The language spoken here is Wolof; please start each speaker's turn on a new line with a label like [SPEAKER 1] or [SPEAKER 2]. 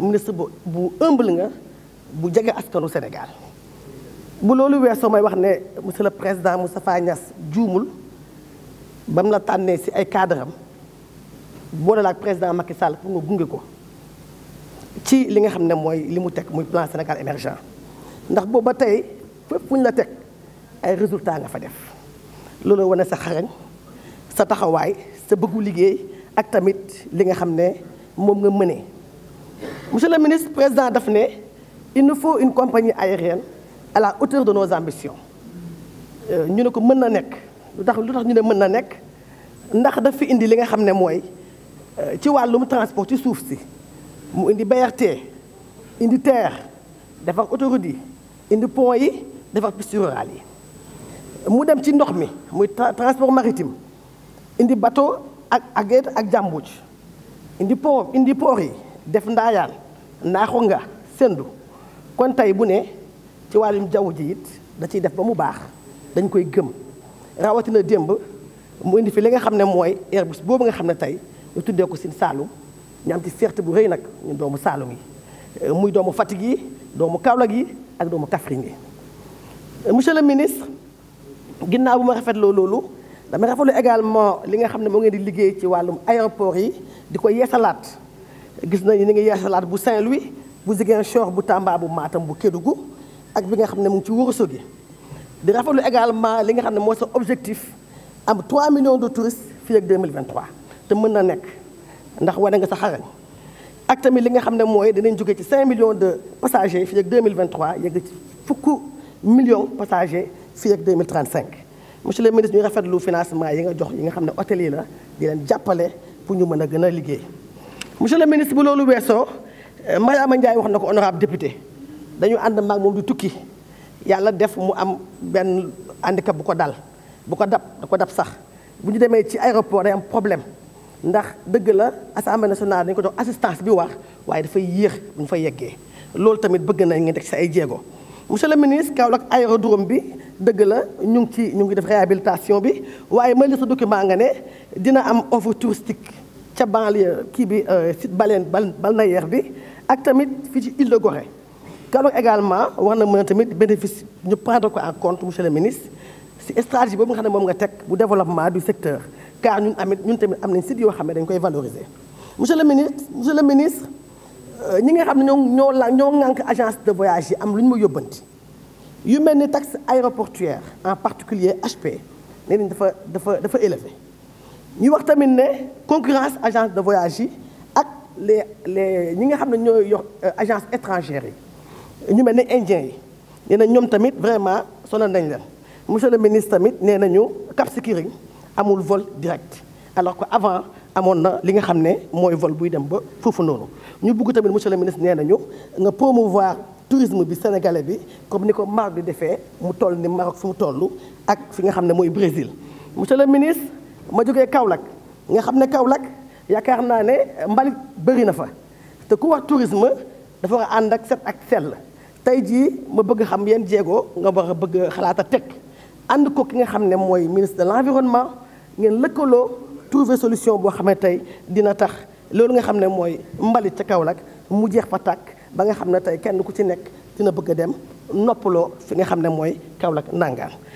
[SPEAKER 1] ministre bu bu humble nga bu jege askanu Sénégal bu loolu soo may wax ne monsieur le président mu Moustapha Niass juumul ba la tànnee si ay cadre am boole la président Macky Sall pour nga gunge ko ci li nga xam ne mooy li mu teg muy plan Sénégal émergent ndax boobu ba tey fépp fu ñu la teg ay résultats nga fa def loolu wane sa xarañ sa taxawaay sa bëggu liggéey ak tamit li nga xam ne moom nga mënee. Monsieur le ministre, président Daphné, il nous faut une compagnie aérienne à la hauteur de nos ambitions. Nous euh, ne ko mën nous nekk nous ñu ne nous ndax daf fi indi li nga Nous euh, transport ci suuf Nous mu indi indi terre defar autoroute indi pont yi transport maritime indi bateau ak ak ak indi indi port def ndaayaan naaxu nga sendu kon tey bu ne ci wàllum jaww ji it da ciy def ba mu baax dañ koy gëm rawatina démb mu indi fi li nga xam ne mooy Airbus boobu nga xam ne tey ñu tuddee ko Sine Saalum ñu am ci certe bu rëy nag ñun doomu Saalum yi euh, muy doomu Fatick yi doomu Kaolack yi ak doomu Kaffrine yi euh, monsieur le ministre ginnaaw bu ma rafetloo loolu dama rafetlu également li nga xam ne moo ngeen di liggéey ci wàllum aéroport yi di ko yeesalaat gis nañu ni nga yeesalaat bu Saint-Louis bu Ziguinchor bu Tamba bu Matam bu Kédougou ak bi nga xamne mu ci Ourossogui gi di rafetlu également li nga xamne mo sa objectif am 3 millions de touristes fii ak 2023 te mën na nekk ndax wane nga sa xarañ ak tamit li nga xamne moy dinañ jóge ci 5 millions de passagers fii ak 2023 yegg ci fukk millions passagers fii ak 2035 monsieur le ministre ñu rafetlu financement yi nga jox yi nga xamne ne hôtel yi la di len jappalé pour ñu mën gëna gën liggéey. monsieur le ministre bu loolu weesoo eh, Mariama Ndiaye wax na ko honorable député dañu ànd maag moom du tukki yàlla def mu am benn handicap bu ko dal bu ko dab da ko dab sax bu ñu demee ci aéroport day am problème ndax dëgg la assemblée nationale dañ ko jox assistance bi wax waaye dafay yéex bu ñu fa yeggee loolu tamit bëgg nañ ngeen teg ci ay jéego monsieur le ministre Kaolack aérodrome bi dëgg la ñu ngi ñu ngi def réhabilitation bi waaye ma li sa document nga ne dina am offre ca banlieue qui bi euh, site baleine, balnéaire bi ak tamit fii ci île de Gorée Kaolack également war na mën a tamit bénéfice ñu prendre ko en compte monsieur le ministre si stratégie boobu nga xam ne moom nga teg bu développement du secteur car ñun amit ñun tamit am nañ site yoo xam dañ koy valoriser monsieur le ministre monsieur le ministre euh, ñi nga xam ne ñoo ñoo la ñoo agence de voyage yi am lu ñu ma yóbbanti yu mel taxe aéroportuaire en particulier HP nee nañ dafa dafa dafa élevé ñu wax tamit ne concurrence agence de voyage yi ak les les ñi nga xam ne ñooy yox euh, agence étrangère yi ñu mel ne indien yi nee na ñoom tamit vraiment sonal nañ leen monsieur le ministre tamit nee nañu Cap Skirring amul vol direct alors que avant amoon na li nga xam ne mooy vol buy dem ba foofu noonu ñu bugg tamit monsieur le ministre nee nañu nga promouvoir tourisme bi sénégalais bi comme ni ko Maroc di defee mu toll ni Maroc fu mu toll ak fi nga xam ne mooy Brésil monsieur le ministre ma jógee Kaolack nga xamné ne Kaolack yaakaar naa ne mbalit bëri na fa té ku wax tourisme dafa war and ak set ak sel tey jii ma bëgg xam yeen jéego nga war bëgg xalaata a and ko ki nga xamné moy ministre de l'environnement ngeen lekkolo trouver solution bo xamé tay dina tax loolu nga xamné moy mooy mbalit ca Kaolack mu jeex fa tàkk ba nga xamné tay kenn ku ci nekk dina bëgg dem noppaloo fi nga xam ne mooy Kaolack nangaan